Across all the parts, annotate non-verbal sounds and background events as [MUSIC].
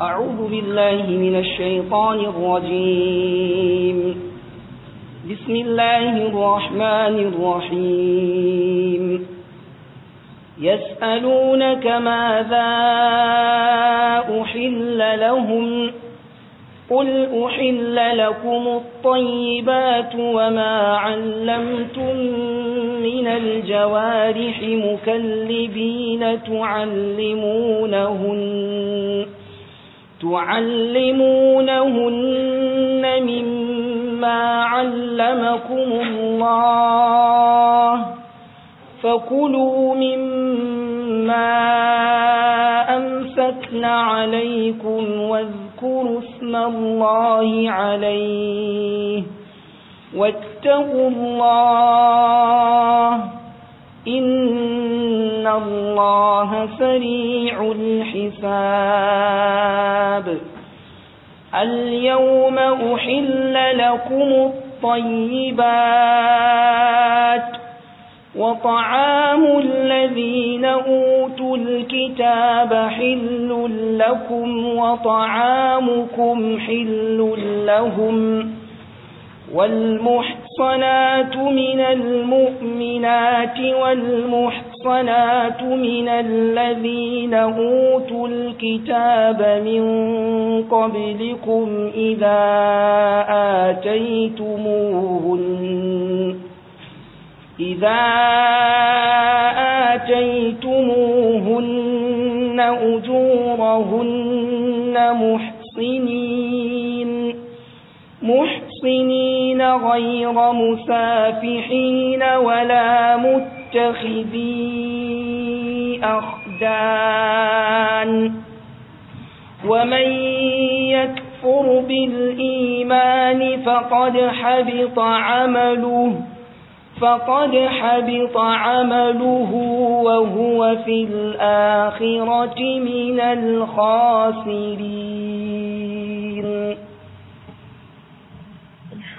أعوذ بالله من الشيطان الرجيم بسم الله الرحمن الرحيم يسألونك ماذا أحل لهم قل أحل لكم الطيبات وما علمتم من الجوارح مكلبين تعلمونهن تعلمونهن مما علمكم الله فكلوا مما أمسكن عليكم واذكروا اسم الله عليه واتقوا الله إن الله سريع الحساب اليوم أحل لكم الطيبات وطعام الذين أوتوا الكتاب حل لكم وطعامكم حل لهم والمحصنات من المؤمنات والمحصنات من الذين أوتوا الكتاب من قبلكم إذا آتيتموهن إذا آتيتموهن أجورهن محصنين محصنين محصنين غير مسافحين ولا متخذي أخدان ومن يكفر بالإيمان فقد حبط عمله فقد حبط عمله وهو في الآخرة من الخاسرين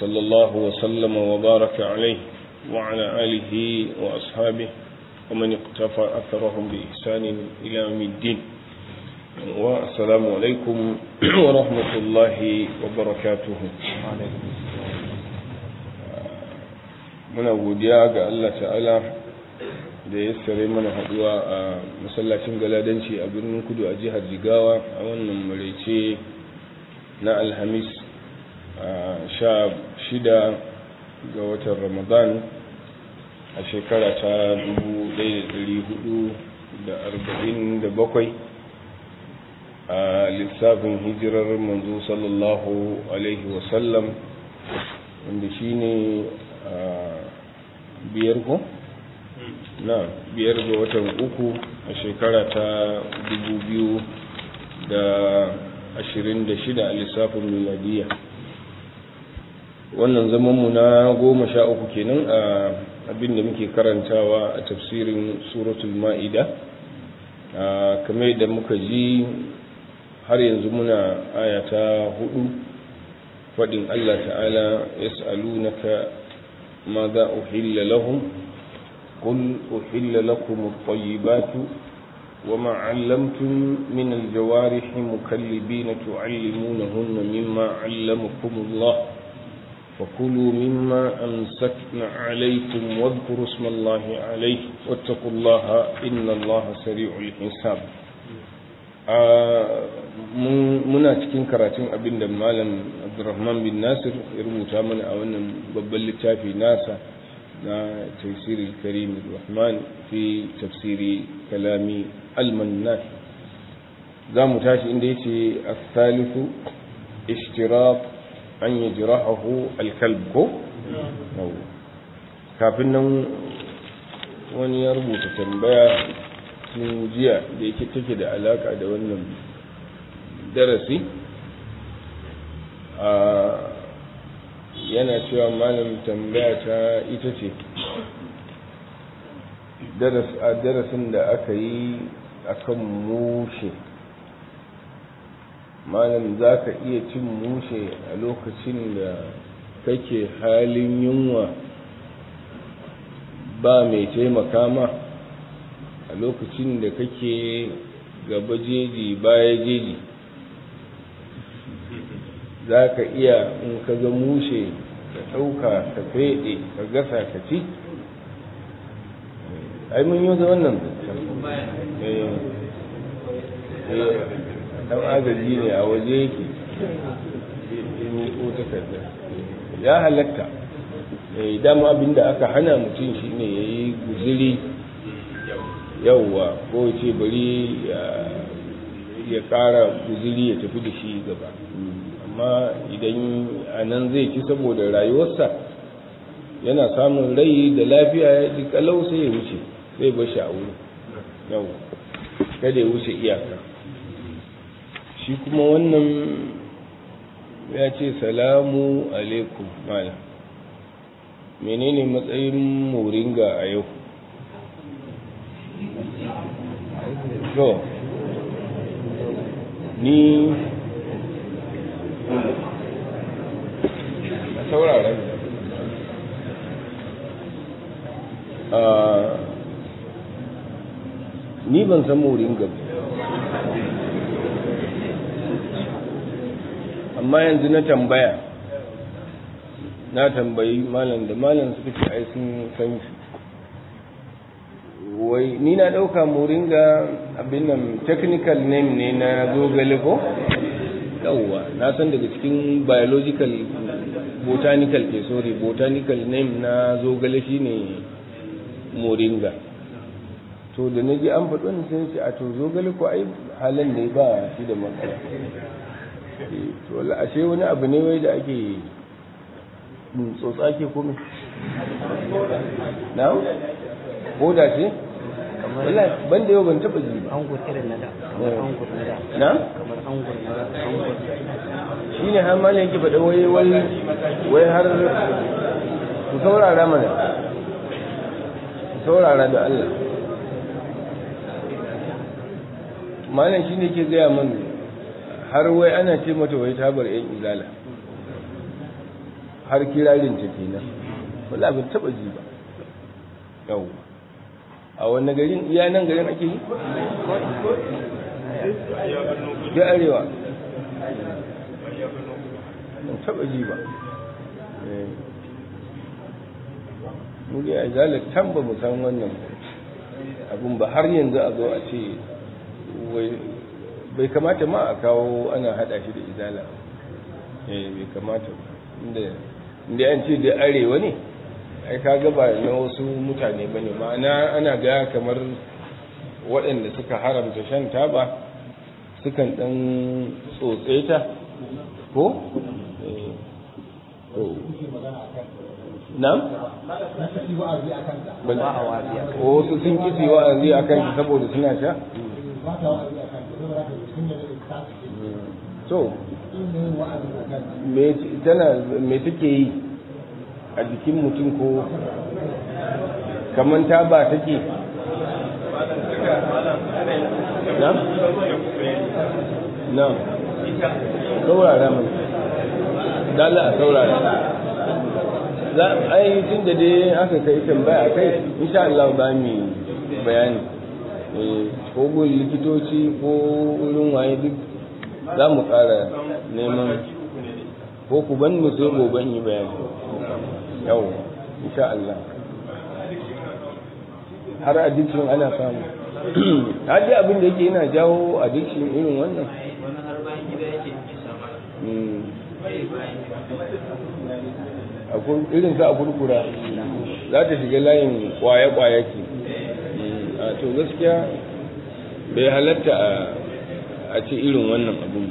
صلى الله وسلم وبارك عليه وعلى آله وأصحابه ومن اقتفى أثرهم بإحسان إلى يوم الدين والسلام عليكم ورحمة الله وبركاته muna godiya ga Allah ta'ala da ya sare mana haduwa a masallacin galadanci a birnin kudu a jihar jigawa a wannan maraice na alhamis sha shida ga watan ramadan a shekara ta dubu ɗaya da hudu da arba'in da bakwai a lissafin hijirar manzo sallallahu alaihi wasallam wanda shi ne a biyar ko? na biyar ga watan uku a shekara ta dubu biyu da ashirin da shida a lissafin miladiyya wannan zaman mu na goma sha uku kenan a abin muke karantawa a tafsirin suratul ma'ida kamar da muka ji har yanzu muna ayata hudu faɗin allah ta'ala ya ka ma za uhilla lahum Wa أحل لكم الطيبات وما علمتم na الجوارح مكلبين تعلمونهن مما علمكم الله وكلوا مما أمسكنا عليكم واذكروا اسم الله عليه واتقوا الله إن الله سريع الحساب muna cikin karatun abin da malam abdurrahman bin nasir ya rubuta mana a wannan babban littafi nasa na tafsiri karim rahman fi tafsiri kalami almannan za mu tashi inda ya ce asalifu ishtirak an yi jirahu alkalb ko kafin nan wani ya rubuta tambaya sun jiya da yake take da alaka da wannan darasi a yana cewa malam tambaya ta ita ce darasin da aka yi akan mushe malam za ka iya cin mushe a lokacin da kake halin yunwa ba mai taimaka ma a lokacin da kake gaba jeji baya jeji za ka iya in ka ga mushe ka ɗauka ka feɗe ka gasa ka ci ai mun yi wannan eh. Eh. dan agaji ne a waje yake ya halatta eh, dama abinda aka hana mutum shi ne ya yi guziri yauwa ko ce bari ya kara guziri ya tafi da shi gaba amma idan a nan zai ci saboda rayuwarsa yana samun rai da lafiya ya ji kalau sai ya wuce zai bashi a wuri yau kada ya wuce iyaka shi kuma wannan ya ce salamu alaikum mala menene matsayin moringa a yau so ni saurara ah, ni ban san moringa ba amma yanzu na tambaya na tambayi malam da malam suka ce ai sun san shi wai ni na ɗauka moringa abin nan technical name ne na zogale ko yawwa na san daga cikin biological botanical ke sorry botanical name na zogale shine moringa to da na ji an faɗi wani sai ce a to zogale ko ai halin da ya ba shi da matsala Eh, to wala ashe wani abu ne wai da ake tsotsa ke kome na koda ce wala ban da yau ban taba ji ba an irin na da eh. an na da na'am kamar an na da angur shine har mallan yake fada wai wai wai har ku saurara mana ku saurara da Allah mallan shine ke gaya mana har wai ana ce mata wai tabar yan izala har kirarin ta kenan wala ban taba ji ba yau a wannan garin iya nan garin ake yi ya arewa ban taba ji ba eh. muli a zalar tamba mu wannan abun ba har yanzu a zo a ce wai bai kamata ma a kawo ana hada shi da izala eh bai kamata inda inda an ce da arewa ne ai ka ga ba na wasu mutane bane ma'ana ana ga kamar waɗanda suka haramta shan taba sukan dan tsotse ta ko eh, nan? wasu sun kisi wa'azi a kanta saboda suna sha? so me take yi a jikin mutum ko kamar ta ba take na? na saurara mai dala a saurara za a yi tun da dai aka kai tambaya kai insha Allah ba mu bayani ko gun likitoci ko wurin waye duk za mu ƙara neman ko ku ban mu sai gobe yi bayan yau insha Allah har addiction ana samu [CLEARS THROAT] haji abin da yake yana jawo addiction irin wannan hmm. irin za a kurkura za ta shiga layin kwaya-kwaya ke to gaskiya bai halatta a ce irin wannan abun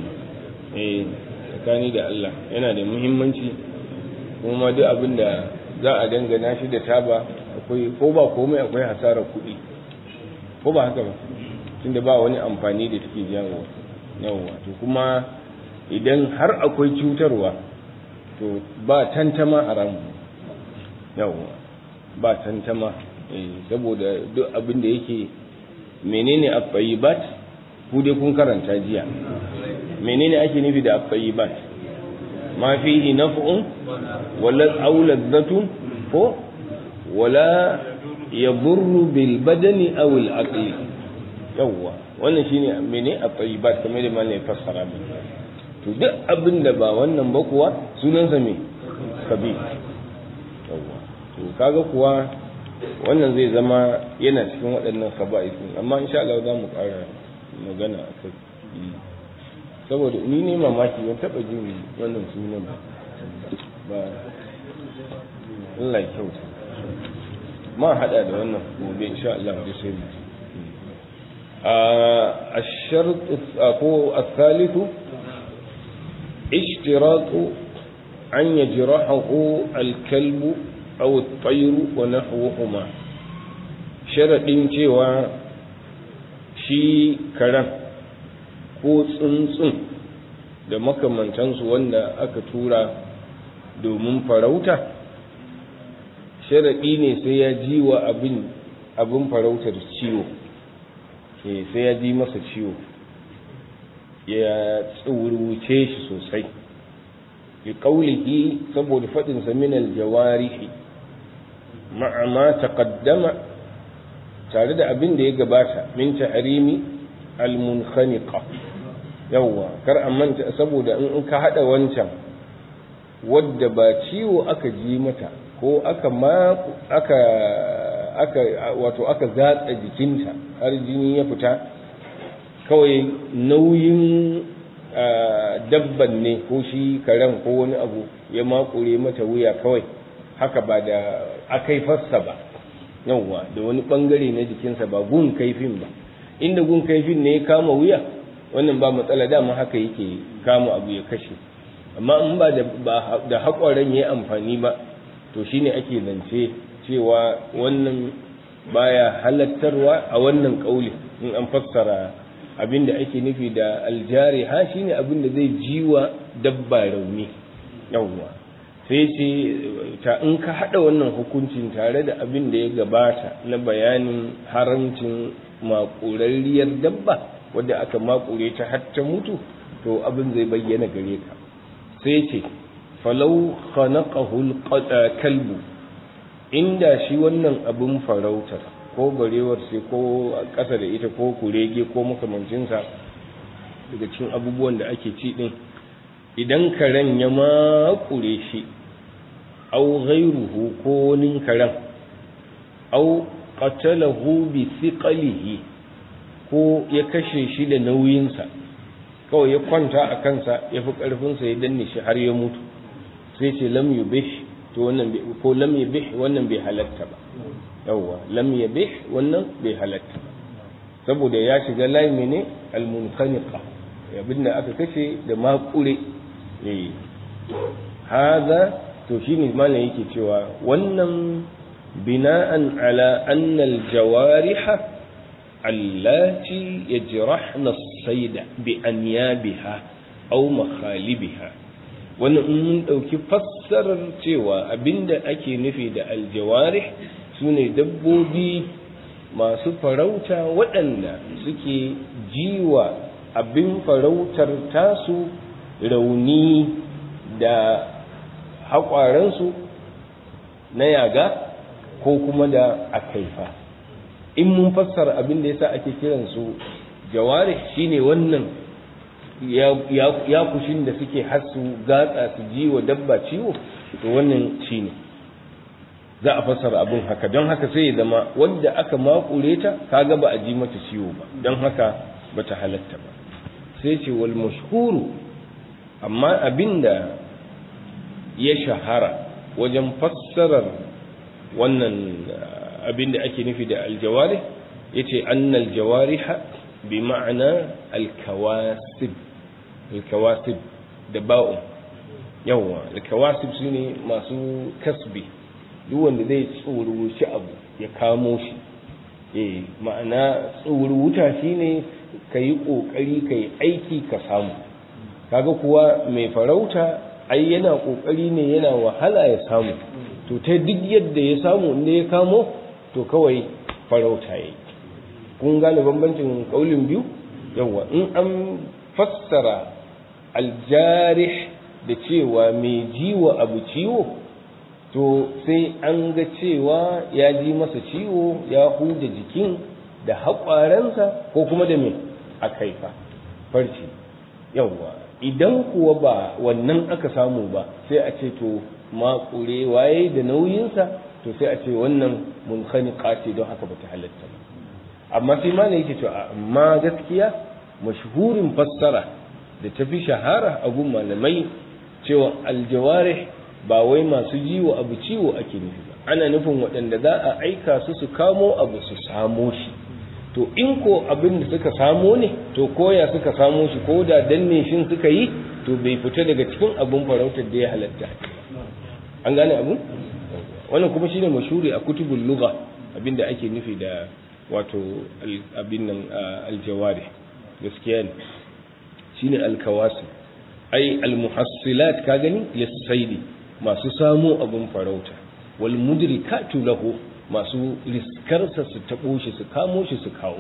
eh tsakani da Allah yana da muhimmanci kuma duk abin da za a dangana shi da taba akwai ko ba komai akwai hasarar kuɗi ko ba haka ba tunda ba wani amfani da take jawo yawa to kuma idan har akwai cutarwa to ba tantama haram yawa ba tantama Eh, saboda duk abin da yake menene afayibat ku dai kun karanta jiya menene ake nufi da afayibat ma fihi naf'un wala awladatun ko wala yadurru bil badani aw al aqli yawwa wannan shine mene afayibat kamar da malai fassara ne to duk abin da ba wannan ba kuwa sunan sa me kabi yawwa to kaga kuwa wannan zai zama yana cikin waɗannan kaba'is amma sha Allah za mu ƙara magana a kai saboda ni ne mamaki ban taɓa jin wannan sunan ba Allah ya kyauta ma haɗa da wannan gobe sha Allah da sai mu asalitu ishtiraqu an yajrahu al-kalbu. Au tayru wa nahwuhuma sharaɗin cewa shi karan ko tsuntsun da makamantansu wanda aka tura domin farauta sharaɗi ne sai ya ji wa abin abin farautar ciwo sai ya ji masa ciwo ya tsawurwuce shi sosai ya kaulihi saboda faɗinsa minal jawarihi ma'ama ta kaddama tare da abin da ya gabata min tahrimi al-munkhaniqa yawwa kar a manta saboda in ka hada wancan wadda ba ciwo aka ji mata ko aka ma aka aka wato aka zatsa jikinta har jini ya fita kawai nauyin dabban ne ko shi karen ko wani abu ya makure mata wuya kawai haka ba da a kaifarsa ba yawwa da wani bangare na jikinsa ba gun kaifin ba inda gun kaifin ne ya kama wuya wannan ba matsala dama haka yake kama abu ya kashe amma in ba da haƙoran ya yi amfani ba to shine ake zance cewa wannan baya halattarwa a wannan ƙauli in an fassara abin da ake nufi da aljariha shine abin da zai ji wa dabba rauni yauwa sai ce ta in ka hada wannan hukuncin tare da abin da ya gabata na bayanin haramcin makurarriyar dabba wadda aka makure ta har mutu to abin zai bayyana gare ka sai ce falau khanaqahu kalbu inda shi wannan abin farautar ko barewar sai ko ƙasa da ita ko kurege ko makamancinsa daga cikin abubuwan da ake ci din idan karen ya makure shi aw ghayruhu ko wani karen au qatalahu bi thiqalihi ko ya kashe shi da nauyinsa kawai ya kwanta a kansa ya fi ƙarfinsa ya danne shi har ya mutu sai ce lam yubih to wannan ko lam yubih wannan bai halatta ba yawa lam yubih wannan bai halatta ba saboda ya shiga layi mene almunkhaniqa ya da aka kashe da makure eh hada to shine malam yake cewa wannan bina'an ala anna al-jawariha allati yajrahna as-sayda bi anyabiha aw makhalibiha wannan in mun dauki fassarar cewa abinda ake nufi da aljawarih sune dabbobi masu farauta waɗanda suke jiwa abin farautar tasu rauni da haƙwaransu na yaga ko kuma da akaifa in mun fassara abin da ya sa ake kiransu jawari ne wannan yakushin da suke hasu gatsa su ji wa dabba ciwo to wannan ne. za a fassara abin haka don haka sai ya zama wanda aka makure ta kaga ba a ji mata ciwo ba don haka ba ta halatta ba sai ce wal mashhuru amma abin da. ya shahara wajen fassarar wannan uh, abin da ake nufi da aljawari ya ce annal jawariha bi ma'ana alkawasib da ba'un yawon alkawasib su ne masu kasbi duk wanda zai shi abu ya kamo shi eh ma'ana wuta shi ne ka yi ƙoƙari ka yi aiki ka samu kaga kuwa mai farauta ai yana kokari ne yana wahala ya samu to ta duk yadda ya samu inda ya kamo to kawai farauta yi. kun gane bambancin kaulin biyu yawa in an fassara aljarih da cewa mai jiwa abu ciwo to sai an ga cewa ya ji masa ciwo ya huda jikin da haƙwarensa ko kuma da me a kaifa farci yawwa idan kuwa ba wannan aka samu ba sai a ce to kure waye da nauyinsa to sai a ce wannan munkhaniqa qati don haka bata halatta ba amma sai ma ne yake to amma gaskiya mashhurin fassara da ta fi shahara a gun malamai cewa aljawarih ba wai masu jiwo abu ciwo ake nufi ba ana nufin waɗanda za a aika su su kamo abu su samo shi to in ko abin da suka samo ne to koya suka samo shi ko da danne shin suka yi to bai fita daga cikin abin farautar da ya halatta an gane abu wannan kuma shine mashuri a kutubul lugha abin ake nufi da wato abin nan aljawari gaskiya ne shine alkawasi ai almuhassilat ka gani lissaidi masu samo abin farauta wal mudrikatu lahu masu riskarsa su taɓo shi su kamo shi su kawo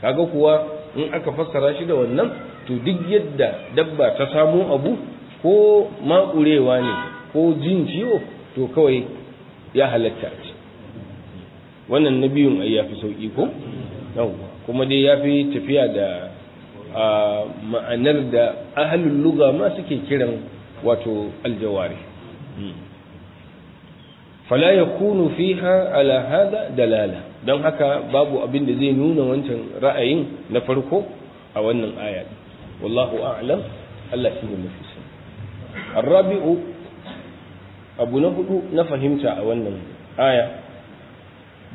kaga kuwa in aka fassara shi da wannan to duk yadda dabba ta samo abu ko maƙurewa ne ko jin ciwo to kawai ya halatta ce wannan na biyun ai ya fi sauƙi ko kuma dai ya fi tafiya da ma'anar da ahalin luga ma suke kiran wato aljawari hmm. fala yakunu fiha ala hada dalala don haka babu abin da zai nuna wancan ra'ayin na farko a wannan aya wallahu a'lam Allah shi ne mafi sani arrabi'u abu na hudu na fahimta a wannan aya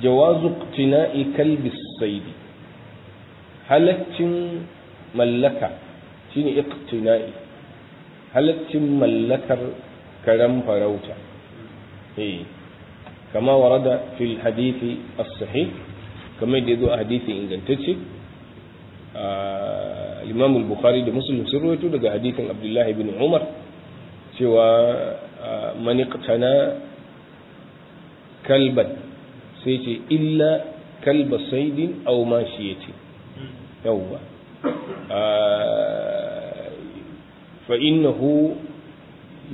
jawazu iqtina'i kalbi saidi halaccin mallaka shine iqtina'i halaccin mallakar karam farauta eh كما ورد في الحديث الصحيح كما يدعو أحاديث إن تنتشي آه الإمام البخاري ده مسلم سروته ده حديث عبد الله بن عمر سوى آه من اقتنى كلبا سيتي إلا كلب صيد أو ماشية يوه آه فإنه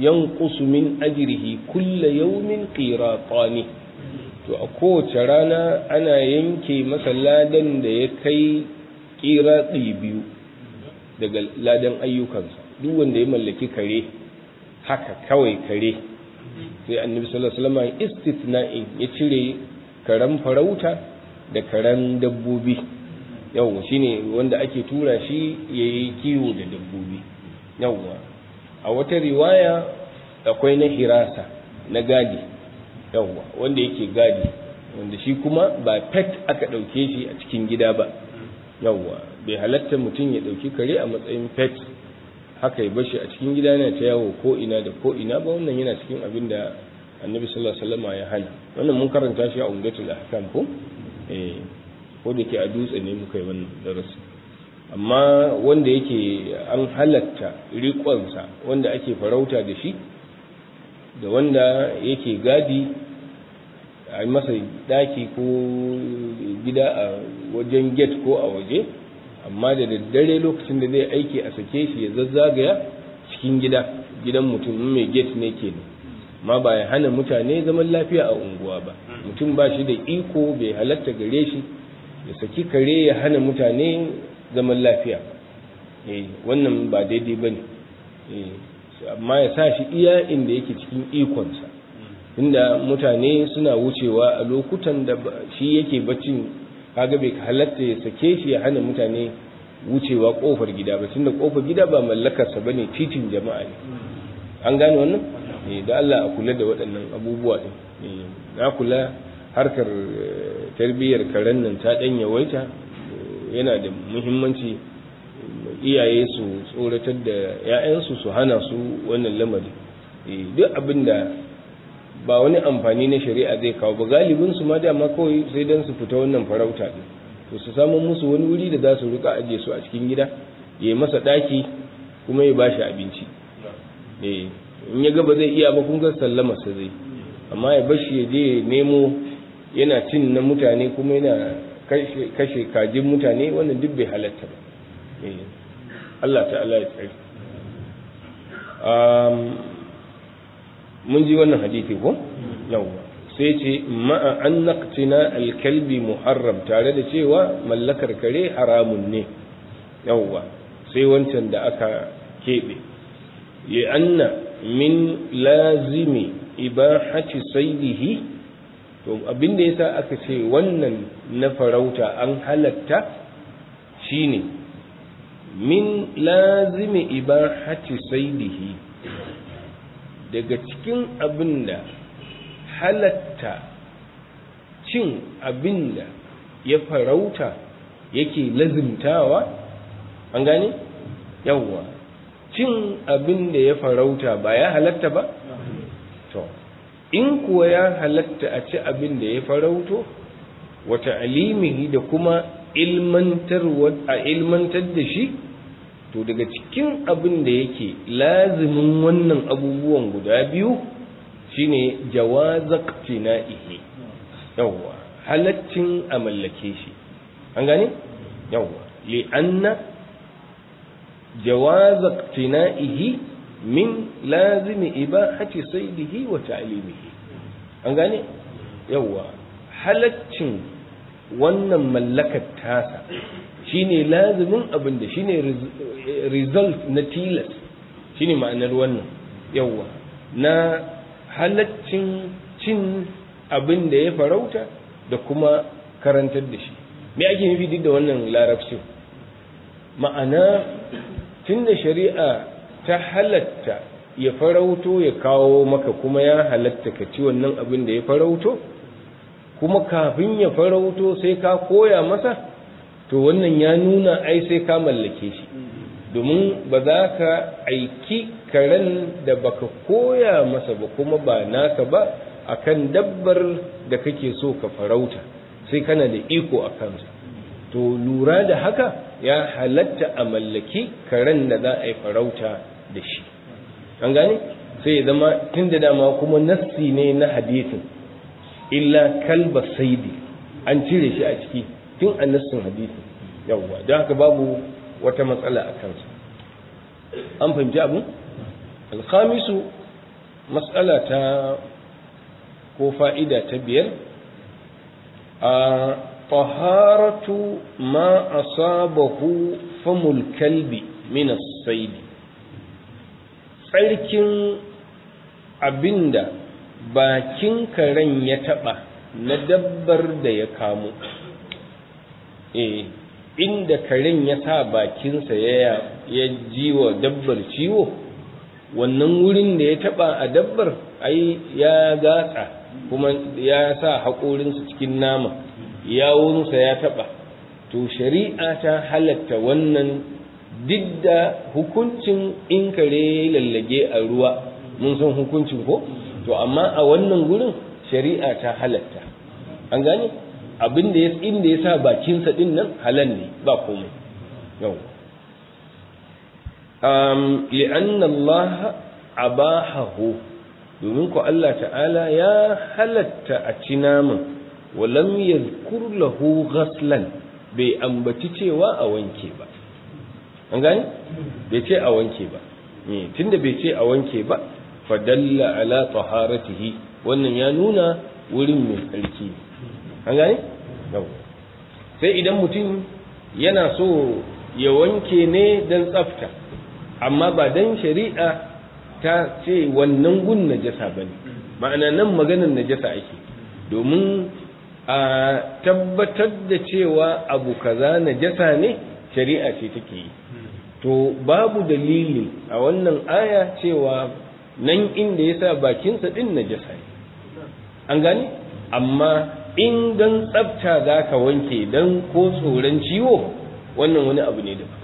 ينقص من أجره kulla يوم qiratani to a kowace rana ana yanke masa ladan da ya kai tsaye biyu daga ladan ayyukansa duk wanda ya mallaki kare haka kawai kare sai annabi sallallahu alaihi wasallam istithna'in ya cire karen farauta da karen dabbobi yau shine wanda ake tura shi yayi kiwo da dabbobi yawwa a wata riwaya akwai na hirasa na gadi yawwa wanda yake gadi wanda shi kuma ba pet aka ɗauke shi a cikin gida ba yawwa bai halatta mutum ya ɗauki kare a matsayin pet haka ya bashi a cikin gida yana ta yawo ko ina da ko ina ba wannan yana cikin abin da annabi sallallahu alaihi wasallam ya hana wannan mun karanta shi a umdatul ahkam ko eh, ko da ke a dutse ne muka yi wannan darasi amma wanda yake an halatta riƙonsa wanda ake farauta da shi da wanda yake gadi a masa daki ko gida a wajen gate ko a waje amma da daddare lokacin da zai aiki a sake shi ya zazzagaya cikin gida gidan mutum mai gate ne ke ma ba ya hana mutane zaman lafiya a unguwa ba mutum ba shi da iko bai halatta gare shi ya saki kare ya hana mutane zaman lafiya eh, wannan ba daidai bane ne eh, amma ya sa shi iya inda yake cikin ikonsa inda mutane suna wucewa a lokutan da shi yake baccin kaga bai halatta ya sake shi ya hana mutane wucewa kofar gida ba tunda kofar gida ba mallakarsa ba ne titin jama'a ne an gane wannan eh, da Allah a kula da waɗannan abubuwa eh na kula harkar tarbiyyar karen nan ta ɗan yawaita yana da muhimmanci iyaye su tsoratar da 'ya'yansu su hana su wannan lamari eh, duk abin da ba wani amfani na shari'a zai kawo ba galibin su ma dama kawai sai don su fita wannan farauta ɗin to su samu musu wani wuri da za su rika ajiye su a cikin gida ya yi masa ɗaki kuma ya bashi abinci eh, in ya ga ba zai iya ba kun ga sallama sa zai amma ya bashi ya je nemo yana cin na mutane kuma yana kashe kajin mutane wannan duk bai halatta ba eh, Allah ta'ala ya tsari mun ji wannan hadithi ko yawwa sai ce ma'a an naqtina alkalbi muharram tare da cewa mallakar kare haramun ne yawwa sai wancan da aka keɓe ya anna min lazimi ibahati saydihi to abin da yasa aka ce wannan na farauta an halatta shine min lazimi ibahati saidihi daga cikin abin da halatta cin abin da ya farauta yake lazimtawa an gane yawwa cin abin da ya farauta ba ya halatta ba in kuwa ya halatta a ci abin da ya farauto wa ta'alimihi da kuma a ilmantar da shi to daga cikin abin da yake lazimin wannan abubuwan guda biyu shine jawazaqtina'ihi yawwa halaccin a mallake shi an gane yawwa li'anna jawazaqtina'ihi min lazimi ibahati saydihi wa ta'limihi an gane yawwa halaccin wannan mallakar tasa shine lazumin abin da shine result na tilas shine ma'anar wannan yawwa na halaccin cin abin da ya farauta da kuma karantar da shi me ake nufi duk da wannan larabcin ma'ana tun da shari'a ta halatta ya farauto ya kawo maka kuma ya halatta ka ci wannan abin da ya farauto kuma kafin ya farauto sai ka koya masa to wannan ya nuna ai sai ka mallake shi domin ba za ka aiki karen da baka koya masa ba kuma ba naka ba akan dabbar da kake so ka farauta sai kana da iko a kansa to lura da haka ya halatta a mallaki karen da za a yi farauta da shi an gane sai zama tun da dama kuma nassi ne na hadisin illa kalba saidi an cire shi a ciki tun a nassin hadisin yawwa don haka babu wata matsala a kansa an fahimci abu alkhamisu matsala ta ko fa'ida ta biyar a طهارة ما أصابه famul-kalbi من saidi. tsarkin abinda bakin karen ya taɓa na dabbar da ya kamo eh inda karen ya sa bakinsa ya jiwa dabbar ciwo wannan wurin da ya taɓa a dabbar ai ya gatsa kuma ya sa haƙorinsa cikin nama yawunsa ya taɓa to shari'a ta halatta wannan duk da hukuncin in kare lallage a ruwa mun san hukuncin ko to amma a wannan gurin shari'a ta halatta an gane abin da ya inda ya sa bakinsa din nan halal ne ba komai yau um anna Allah abahahu domin ko Allah ta'ala ya halatta a ci naman walam yazkur lahu ghaslan bai ambaci cewa a wanke ba an gani bai ce a wanke ba eh, tunda bai ce a wanke ba fadalla ala taharatihi wannan ya nuna wurin mai tsarki an gani sai idan mutum yana so ya wanke ne don tsafta amma ba don shari'a ta ce wannan gun najasa ba ne ma'ana nan maganar najasa ake domin a tabbatar da cewa abu kaza najasa ne shari'a ce take yi to babu dalili a wannan aya cewa nan inda ya sa bakinsa ɗin najasa ne an gane amma in dan tsafta za ka wanke dan ko tsoron ciwo wannan wani abu ne daban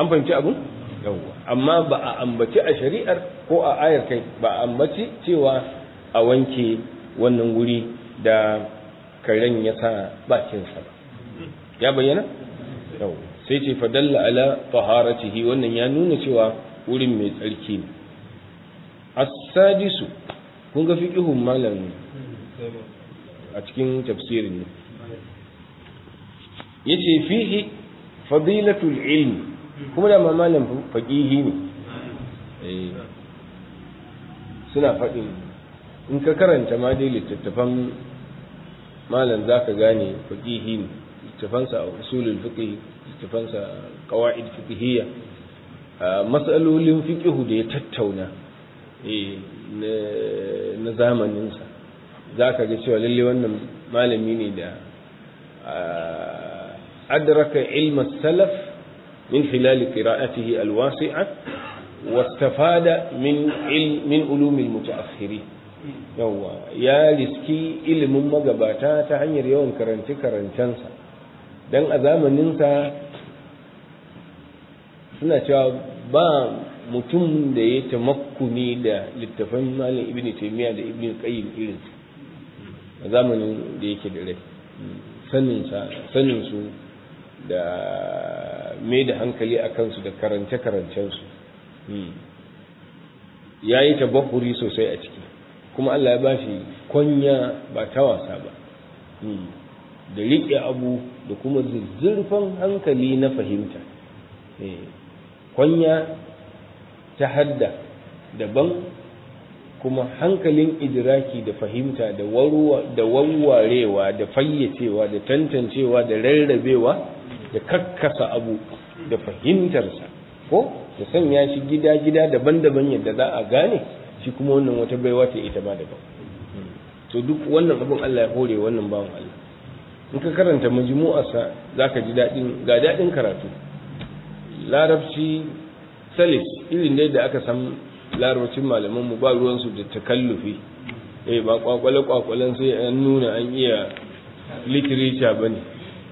an fahimci abin yawwa amma ba a ambaci a shari'ar ko a ayar kai ba a ambaci cewa a wanke wannan wuri da karen ya sa bakinsa ba ya bayyana yawwa sai ce fadalla ala taharatihi wannan ya nuna cewa wurin mai tsarki ne as-sadisu kun ga fiqihun malam a cikin tafsirin ne yace fihi fadilatul ilm kuma da malam faqihi ne eh, suna faɗin in ka karanta ma dai littattafan malam zaka gane faqihi ne littafansa a usulul fiqh littafansa qawaid fiqhiyya masalolin fiqhu da ya tattauna eh, na zamaninsa za ka ga cewa lalle wannan malami ne da adraka ilma salaf min hilali qira'atihi alwasi'a wastafada min min ulumil mutaakhiri yawa ya riski ilimin magabata ta hanyar yawan karance karantansa don a zamaninsa suna cewa ba mutum da ya tamakkuni da littafan malin ibn taimiyya da ibn qayyim irin a zamanin da yake da rai sanin su da mai da hankali a kansu da karance-karancensu hmm. ya yi tabakuri sosai a ciki kuma allah ya bashi shi kwanya ba ta wasa ba hmm. da riƙe abu da kuma zuzzurfan hankali na fahimta eh, kwanya ta hadda daban kuma hankalin idiraki da fahimta da warwarewa da fayyacewa da tantancewa da rarrabewa da kakkasa abu da fahimtarsa ko da sanya shi gida-gida daban-daban yadda za a gane shi kuma wannan wata baiwa ta ita ma daban hmm. to duk wannan abin Allah ya hore wannan bawan Allah in ka karanta majmu'arsa ka ji daɗin ga daɗin karatu larabci salis irin dai da aka san larabcin malaman mu ba ruwansu da takallufi eh ba kwakwale kwakwalen sai an nuna an iya literature ne.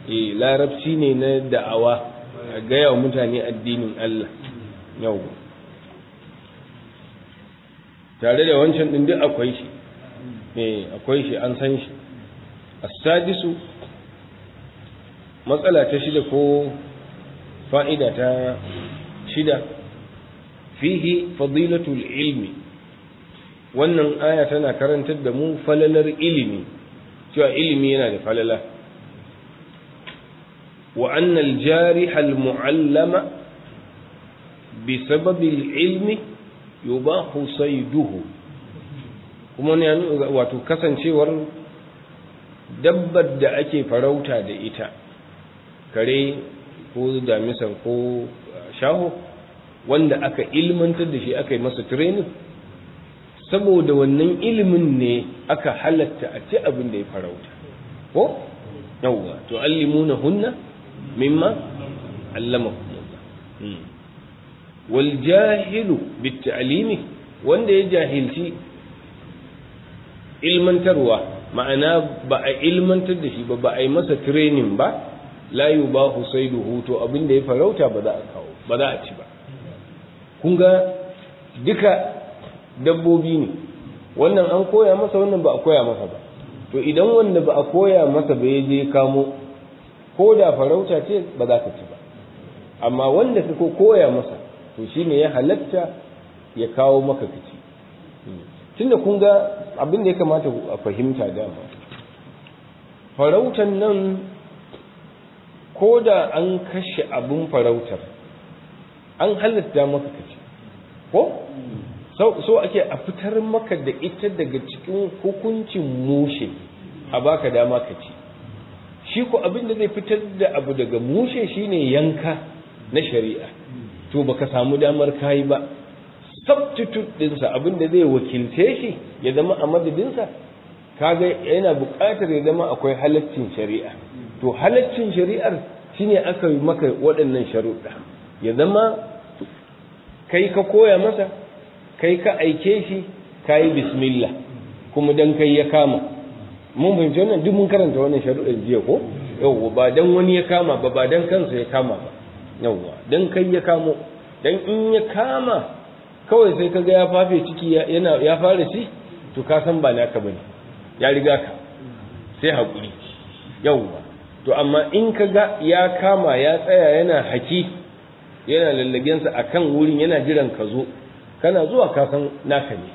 eh larabci ne na da'awa a gaya wa mutane addinin Allah yau tare da wancan din duk akwai shi eh akwai shi an san shi as-sadisu matsala ta shida ko fa'ida ta shida fihi fadilatul ilmi wannan aya tana karantar da mu falalar ilimi cewa ilimi yana da falala wa'annal jari jarih muallama bi sababi al ilmi yubahu sayduhu kuma ne wato kasancewar dabbar da ake farauta da ita kare ko damisan ko shaho wanda aka ilmantar da shi aka yi masa training saboda wannan ilimin ne aka halatta a ci abin da ya farauta ko yawwa to allimuna hunna mimma allamakumullah hmm. wal jahilu bit ta'limi wanda ya jahilci ilmantarwa ma'ana ba a ilmantar da shi ba ba a yi masa training ba la ba sayduhu to abin da ya farauta ba za a kawo ba za a ci ba kun duka dabbobi ne wannan an koya masa wannan ba a koya masa ba to idan wanda ba a koya masa ba ya je kamo ko da farauta ce ba za ka ci ba amma wanda ka koya masa to shi ne ya halatta ya kawo maka kici tunda kunga abinda ya kamata a fahimta dama farautan nan ko da an kashe abin farautar an halitta maka kaci ko so ake a fitar maka da ita daga cikin hukuncin mushe a baka dama ka shi ko abin da zai fitar da abu daga mushe shine yanka na shari'a to baka samu damar kayi ba substitute dinsa abin da zai wakilce shi ya zama a madadinsa kaga yana buƙatar ya zama akwai halaccin shari'a to halaccin shari'ar shine aka yi maka waɗannan sharuɗa ya zama kai ka koya masa kai ka aike shi ka yi bismillah kuma dan kai ya kama mun fahimci wannan duk mun karanta wannan sharuɗa jiya ko Yau ba dan wani ya kama ba ba dan kansa ya kama ba yauwa dan kai ya kamo dan in ya kama kawai sai kaga ya fafe ciki yana ya fara ci to ka san ba naka bane ya riga ka sai hakuri yauwa to amma in ka ga ya kama ya tsaya yana haki yana lallagensa a kan wurin yana jiran ka zo kana zuwa ka san naka ne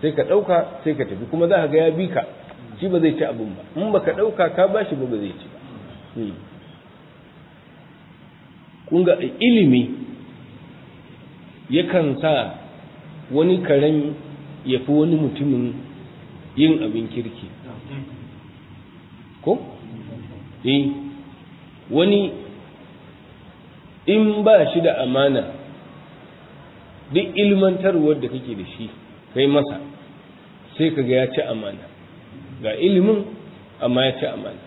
sai ka ɗauka sai ka tafi kuma za ka ga ya bi ka shi ba zai ci abin ba in ba ka ɗauka ka ba shi ba ba zai ci hmm. kun ga ilimi yakan sa wani karen ya fi wani mutumin yin abin kirki ko eh wani in ba shi da amana duk ilmantarwar da kake da shi kai masa sai kaga ya ci amana ga ilimin amma ya ci amana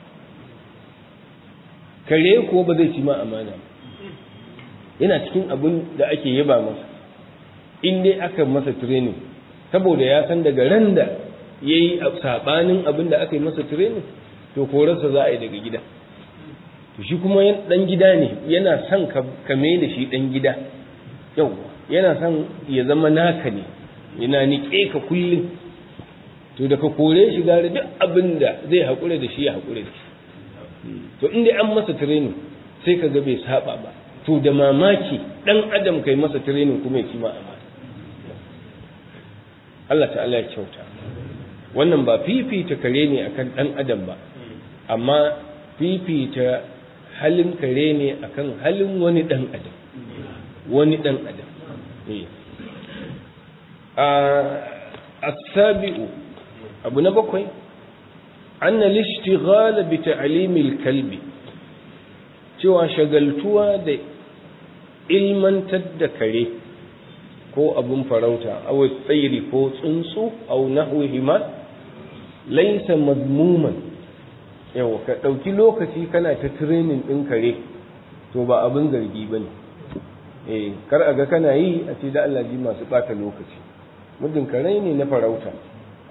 kare ko ba zai ci ma amana yana cikin abin da ake yaba masa in dai aka masa training saboda ya san daga ran da ya yi saɓanin abin da aka yi masa training to korarsa za a yi daga gida to shi kuma dan gida ne yana son ka da shi dan gida yau yana son ya zama naka ne yana niƙe ka kullum to da kore shi gare duk abin da zai haƙura da shi ya haƙura da shi to inda an masa training sai ka ga bai saba ba to da mamaki dan adam kai masa training kuma ya kima ma Allah ta'ala ya kyauta wannan ba fifita kare ne akan dan adam ba amma fifita halin kare ne akan halin wani dan adam wani dan adam eh. a abu na bakwai anna lishtighala bi ta'limil kalbi cewa shagaltuwa da ilmantar da kare ko abun farauta aw tsairi ko tsuntsu aw nahwihima laisa mazmuman. yau ka ɗauki lokaci kana ta tirenin ɗin kare to ba abin zargi ba ne eh kar a ga kana yi a ce da Allah masu ɓata lokaci muddin kare ne na farauta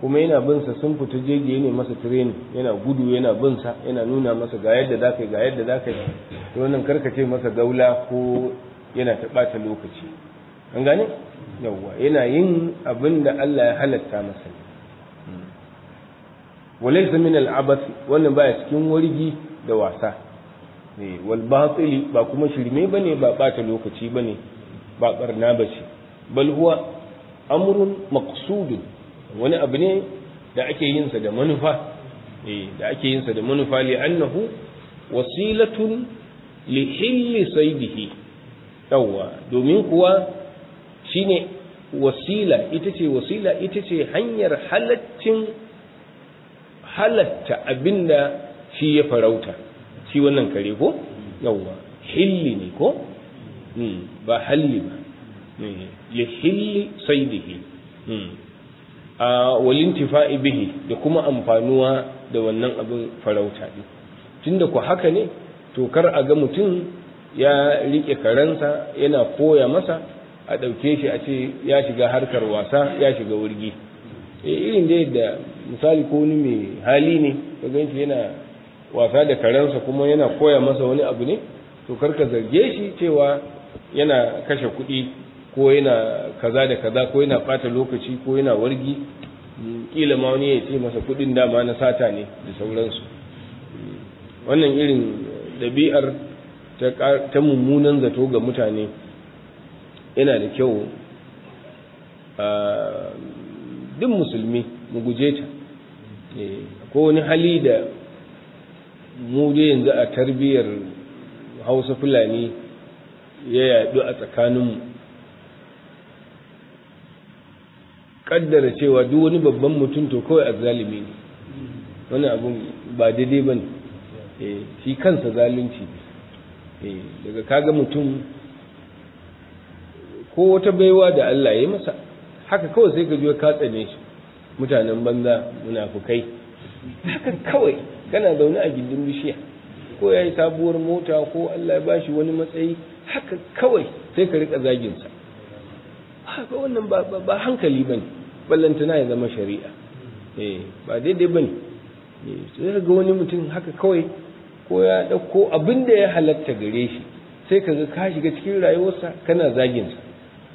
kuma yana bin sa sun fita jeje ne masa training yana gudu yana bin sa yana nuna masa ga yadda za ka yi, ga yadda za ka yi to wannan karkace masa gaula ko yana ta ɓata lokaci an gane yawwa yana yin abin da Allah ya halatta masa walaysa min al-abath wannan baya cikin wargi da wasa ne wal batil ba kuma shirme bane ba bata lokaci bane ba barna bace bal huwa amrun maqsud wani abu ne da ake yin sa da manufa eh da ake yin sa da manufa li annahu wasilatun li hilli saydihi yawwa domin kuwa shine wasila ita ce wasila ita ce hanyar halaccin halatta abinda shi ya farauta shi wannan kare ko yawwa hilli ne ko hmm. ba halli ba ya hmm. hilli ke. Hmm. a tifa'i bihi da kuma amfanuwa da wannan abin farauta ne. Tun da ku haka ne tokar a ga mutum ya rike karansa yana koya masa a ɗauke shi a ce ya shiga harkar wasa ya shiga wurgi eh, irin da misali ko wani mai hali ne ka ganshi yana wasa da karensa kuma yana koya masa wani abu ne to kar ka zarge shi cewa yana kashe kuɗi ko yana kaza da kaza ko yana ɓata lokaci ko yana wargi kila ma wani ya ce masa kuɗin dama na sata ne da sauransu wannan irin ɗabi'ar ta mummunan zato ga mutane yana da kyau ah, duk musulmi mu guje ta Eh, ko wani hali da mu dai yanzu a tarbiyyar hausa fulani ya yaɗu a tsakaninmu ƙaddara cewa duk wani babban mutum to kawai a zalimi ne wani abun ba daidai ba ne eh, shi kansa zalunci eh, daga kaga mutum ko wata baiwa da Allah ya yi masa haka kawai sai ka juya ka tsane shi mutanen banza munafukai haka kawai kana zaune a gindin bishiya ko ya yi sabuwar mota ko Allah ya bashi wani matsayi haka kawai sai ka rika zagin sa haka wannan ba ba hankali bane ballantana ya zama shari'a eh ba daidai bane eh sai ga wani mutum haka kawai ko ya dauko abin da ya halatta gare shi sai ka ga ka shiga cikin rayuwarsa kana zagin sa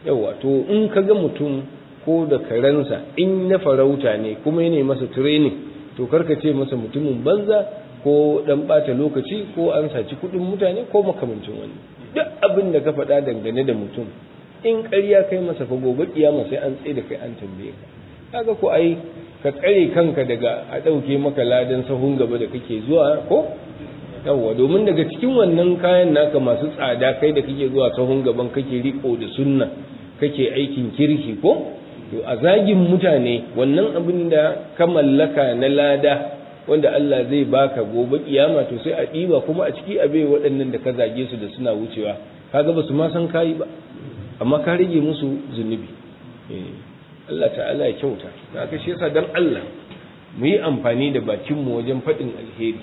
yawa to in ka ga mutum ko da karensa in na farauta ne kuma yana masa training to karka ce masa mutumin banza ko dan bata lokaci ko an saci kudin mutane ko makamancin wani duk abin da ka faɗa dangane da mutum in ƙarya kai masa fa gobe kiyama sai an tsaye da kai an tambaye ka kaga ko ai ka tsare kanka daga a ɗauke maka ladan sahun gaba da kake zuwa ko yawwa domin daga cikin wannan kayan naka masu tsada kai da kake zuwa sahun gaban kake riko da sunna kake aikin kirki ko to a zagin mutane wannan abin da ka mallaka na lada wanda Allah zai baka gobe kiyama to sai a ɗiba kuma a ciki abe waɗannan da ka zage su da suna wucewa kaga ba su ma san kai ba amma ka rage musu zunubi eh, Allah ta'ala ya kyauta aka shi yasa dan Allah mu yi amfani da bakin mu wajen faɗin alheri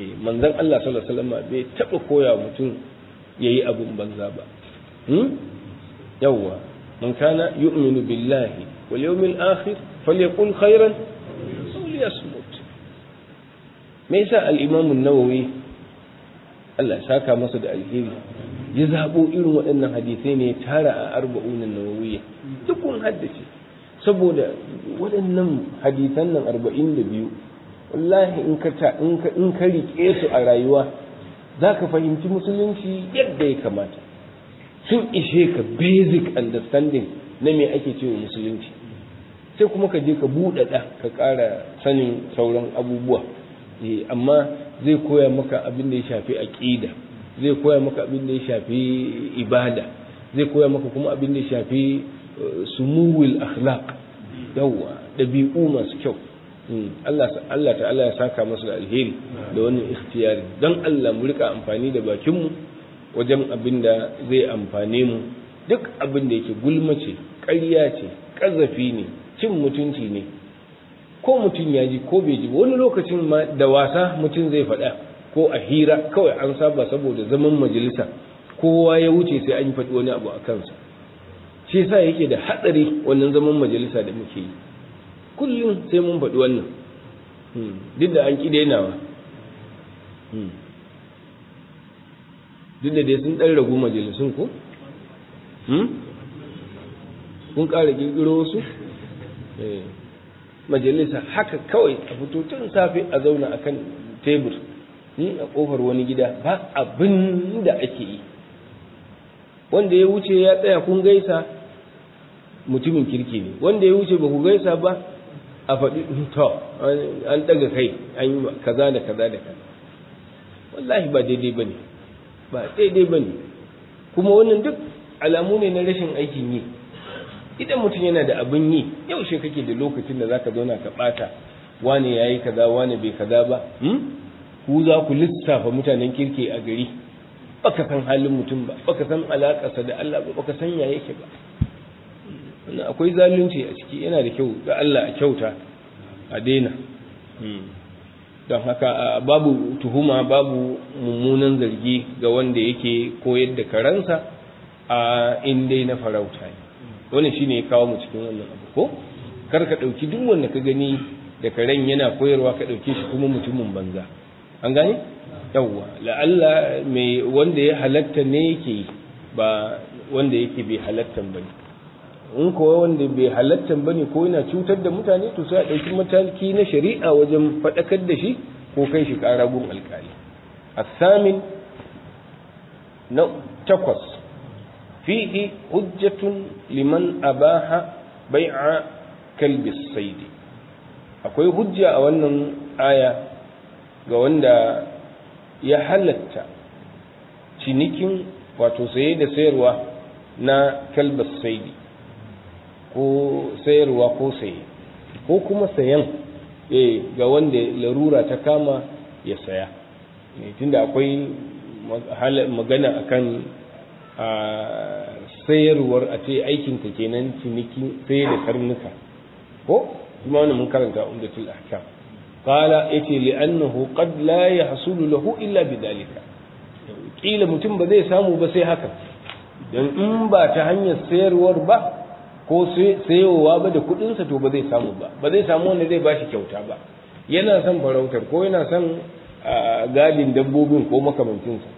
eh, manzon Allah sallallahu alaihi wasallam bai taba koya mutum yayi abun banza ba hmm? yawwa man kana yu'minu billahi wal yawmil akhir falyaqul khairan aw liyasmut me yasa al-imam an-nawawi Allah ya saka masa da alheri ya zabo irin waɗannan hadisai ne tara a arba'unan nawawiyya duk kun haddace saboda waɗannan hadisan nan arba'in da biyu wallahi in in ka riƙe su a rayuwa za ka fahimci musulunci yadda ya kamata sun ishe ka basic understanding na me ake cewa musulunci sai kuma ka je ka buɗaɗa ka ƙara sanin sauran abubuwa eh, amma zai koya maka abin da ya shafi aƙida zai koya maka abin da ya shafi ibada zai koya maka kuma abin da ya shafi eh, sumuwil akhlaq yawa ɗabi'u masu kyau hmm, Allah ta'ala ya saka masu da alheri da wannan ikhtiyari don Allah mu rika amfani da bakinmu wajen abin da zai amfane mu duk abin da yake gulma ce ƙarya ce ƙazafi ne cin mutunci ne ko mutum ya ji ko bai ji wani lokacin da wasa mutum zai faɗa ko a hira kawai an saba saboda zaman majalisa kowa ya wuce sai an yi faɗi wani abu a kansa shi sa yake da hatsari wannan zaman majalisa da muke yi kullum sai mun faɗi wannan hmm, duk da an ƙi ba. duk da dai sun ɗan ragu majalisun ko hmm? kun ƙara ƙirƙiro wasu eh. majalisa haka kawai a fito tun safe a zauna a kan tebur ni a ƙofar wani gida ba abin da ake yi wanda ya wuce ya tsaya kun gaisa mutumin kirki ne wanda ya wuce ba ku gaisa ba a faɗi to an ɗaga kai an yi kaza da kaza da kaza wallahi ba daidai ba ne ba daidai ba ne kuma wannan duk alamu ne na rashin aikin yi idan mutum yana da abin yi yau shi kake da lokacin da zaka zauna ka bata wane yayi kaza wane bai kaza ba hmm? ku za ku lissafa mutanen kirki a gari baka san halin mutum ba baka san alakarsa da Allah ba baka san ya yake ba akwai zalunci a ciki yana da kyau da Allah a kyauta a daina hmm. don haka babu tuhuma babu mummunan zargi ga wanda yake koyar da karansa a inda na farauta ne shi shine ya kawo mu cikin wannan abu ko kar ka ɗauki duk wanda ka gani da karen yana koyarwa ka ɗauke shi kuma mutumin banza an gane yawwa la'alla mai wanda ya halatta ne yake ba wanda yake bai halattan ne in kowa wanda bai halatta ne ko yana cutar da mutane to sai a ɗauki mataki na shari'a wajen faɗakar da shi ko kai shi ƙara gun alƙali asamin na takwas fihi hujjatun liman abaha bai'a kalbis saidi akwai hujja a wannan aya ga wanda ya halatta cinikin wato saye da sayarwa na kalbas saidi ko sayarwa ko saye ko kuma sayan eh ga wanda larura ta kama ya saya eh, tunda akwai magana akan sayarwar a ce aikinka kenan ciniki sai da karnuka ko kuma wani mun karanta tun ahkam qala yace li annahu qad la yahsulu lahu illa bidalika kila mutum ba zai samu ba sai haka dan in ba ta hanyar sayarwar ba ko sayowa ba da kuɗinsa to ba zai samu ba ba zai samu wanda zai bashi kyauta ba yana son farautar ko yana son gadin dabbobin ko makamancinsa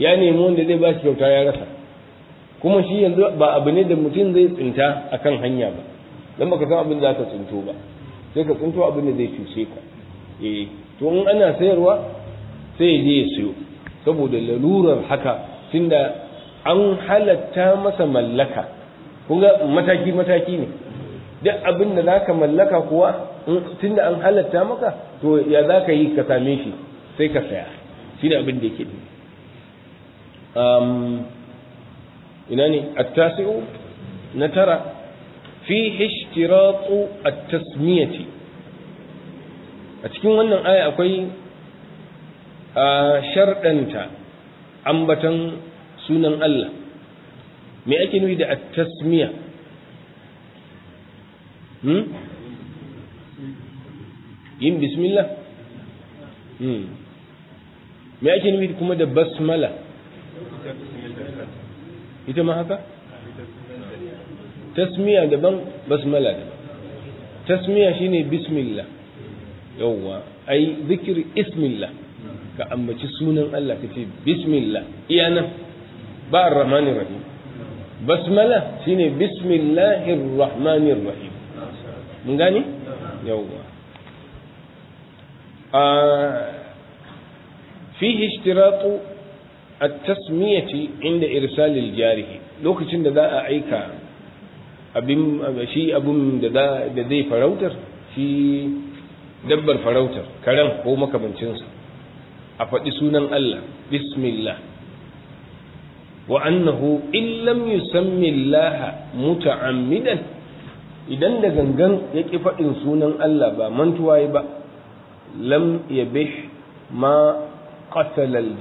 ya nemi wanda zai bashi kyauta ya rasa kuma shi yanzu ba abu ne da mutum zai tsinta kan hanya ba don baka san abin da ka tsinto ba sai ka tsinto abin da zai cuce ka eh to in ana sayarwa sai ya je ya siyo saboda lalurar haka tunda an halatta masa mallaka kun ga mataki mataki ne duk abin da ka mallaka kuwa tunda an halatta maka to ya za ka yi ka same shi sai ka saya shi ne abin da yake ne ina ne a tasiru na tara fi hishtiratu a tasmiyati a cikin wannan aya akwai a sharɗanta ambatan sunan Allah me ake nufi da at-tasmiya hmm yin bismillah hmm me ake nufi kuma da basmala ita ma haka tasmiya daban basmala daban tasmiya shine bismillah yawwa ai zikir ismillah ka ambaci sunan Allah kace bismillah iyana ba ar-rahmanir rahim basmala shine bismillahir rahmanir rahim mun gane yawwa fihi ishtiratu at-tasmiyati inda irsal al-jarih lokacin da za a aika abin shi abun da da zai farautar shi dabbar farautar karen ko makamancinsa a faɗi sunan Allah bismillah wa annahu in lam yusammi Allah muta'ammidan idan da gangan ya ki faɗin sunan Allah ba mantuwa ba lam yabih ma qatala al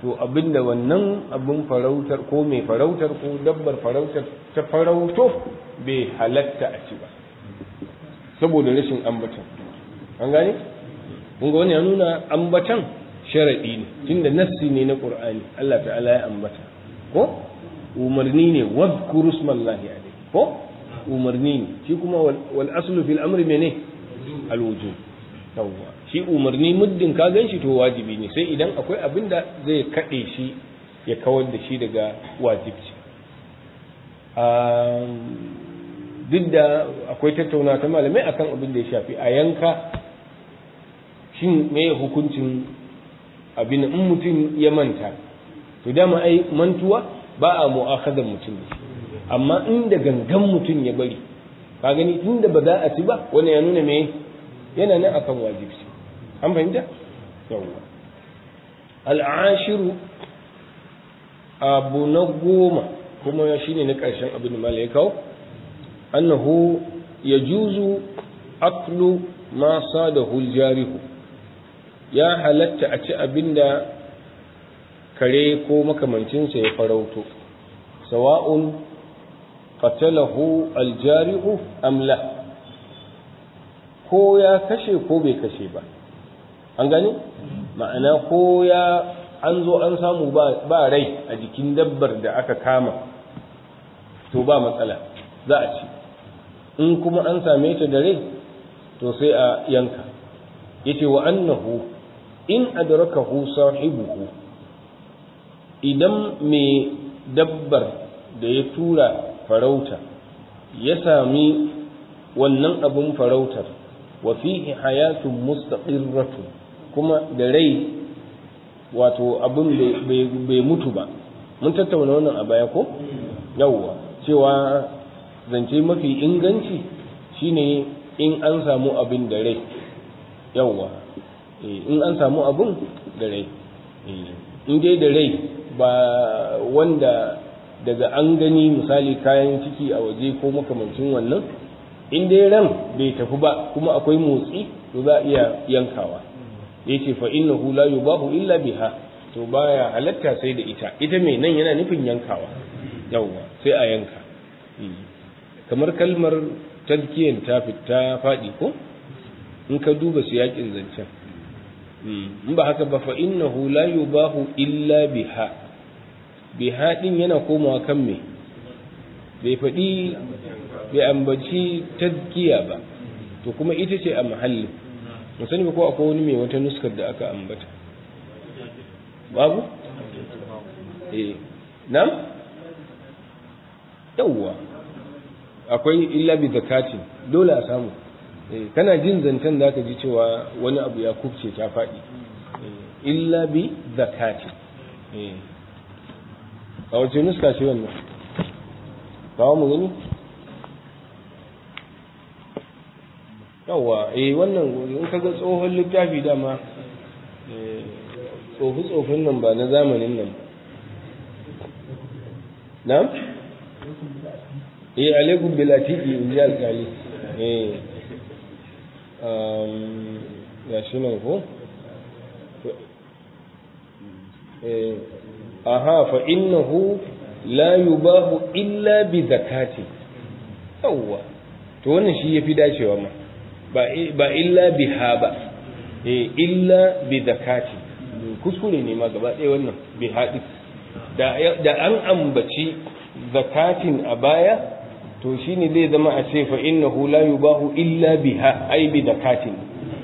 to abinda wannan abin farautar ko mai farautar ko dabbar farautar ta farauto bai halatta a ci ba saboda rashin ambatan an gane kun ga wani ya nuna ambatan sharaɗi ne tunda nassi ne na qur'ani Allah ta'ala ya ambata ko umarni ne wadhkuru smallahi alayhi ko umarni ne shi kuma wal aslu fil amri mene al wujub Tawwa shi umarni muddin ka ganshi to wajibi ne sai idan akwai abin da zai kade shi ya kawar da shi daga wajibci um, duk da akwai tattauna ta malamai akan abin da ya shafi a yanka shin me hukuncin abin in mutum ya manta to dama ai mantuwa ba a mu'akhazan mutum amma inda gangan mutum ya bari ka gani tunda ba za a ci ba wani ya nuna me yana nan akan wajibi an fahimta yawa al'ashiru abu na goma kuma shi ne na ƙarshen abin da ya kawo annahu ya juzu aklu ma sadahu jarihu ya halatta a ci abin da kare ko makamancinsa ya farauto sawa'un qatalahu aljari'u am la ko ya kashe ko bai kashe ba an gani ma'ana ko ya an zo an samu ba rai a jikin dabbar da aka kama to ba matsala za a ci in kuma an same ta da rai to sai a yanka yace wa annahu in adrakahu sahibuhu idan mai dabbar da ya tura farauta ya sami wannan abin farautar wa fihi hayatun mustaqirratu kuma da rai wato abin bai mutu ba mun tattauna wannan a baya ko yawwa cewa zance mafi inganci shine in an samu abin da rai yawwa in an samu abun da rai in dai da rai ba wanda daga an gani misali kayan ciki a waje ko makamancin wannan in dai ran bai tafi ba kuma akwai motsi to za a iya yankawa ya ce fa innahu la yubahu illa biha to baya halatta sai da ita ita mai nan yana nufin yankawa yauwa sai a yanka kamar kalmar tarkiyar ta fita faɗi ko in ka duba su yakin zancen in ba haka ba fa innahu la yubahu illa biha biha din yana komawa kan me bai faɗi bai ambaci tazkiya ba to kuma ita ce a mahalli musani ba ko akwai wani mai wata nuskar da aka ambata babu eh yawwa akwai illa bi zakatin dole a samu Eh. kana jin zancen da aka ji cewa wani abu ya kufce ta faɗi eh. illa bi zakati eh. a wace nuska ce wannan kawo mu gani yawa eh wannan in ka ga tsohon littafi dama tsofi tsofin nan ba na zamanin nan na? eh alaikum bilatifi in ji alkali eh Um, ya shi nan ko eh, aha fa innahu la yubahu illa bi zakati yawwa to wannan shi yafi dacewa ma ba ba illa biha ba eh illa bi zakati kuskure ne ma gaba ɗaya wannan bi hadis da da an ambaci zakatin a baya to shine zai zama a ce fa innahu la yubahu illa biha ai bi katin,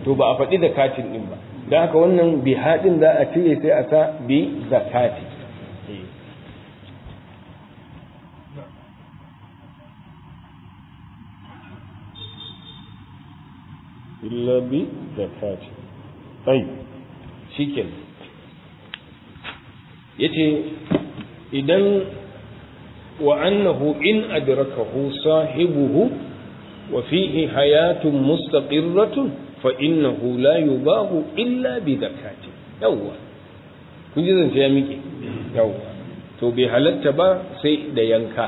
to ba a faɗi katin din ba dan haka wannan bi haɗin za a cire sai a sa bi zakati illa bi zakati ai shikenan yace idan wa annahu in adrakahu sahibuhu wa fihi hayatun mustaqirratun fa innahu la yubahu illa bi zakati yawwa kun ji zance ya miƙe yawwa to bai halatta ba sai da yanka